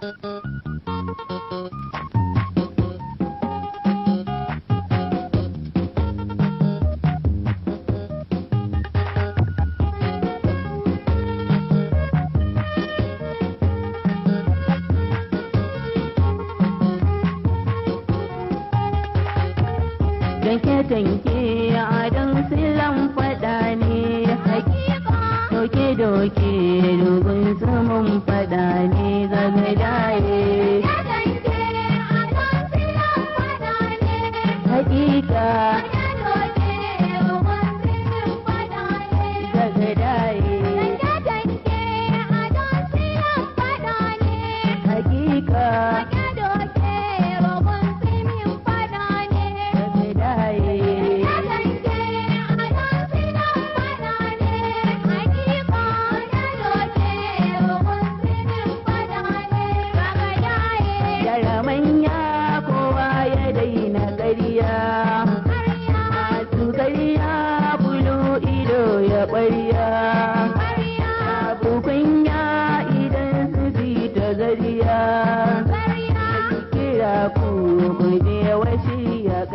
Danke danke a don silan faɗa ne haƙiƙa. doke-doke rubin zaman fada ne zama daye. Ya zanke a kan fada ne. Hakika.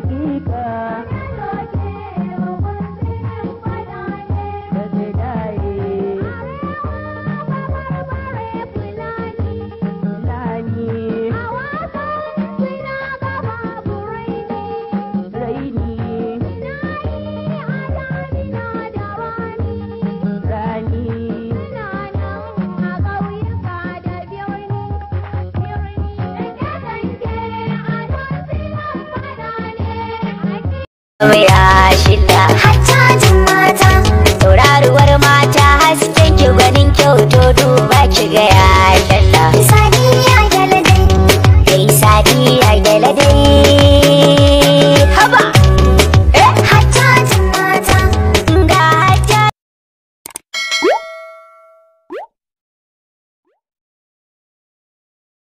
हकीकत Oh yeah, she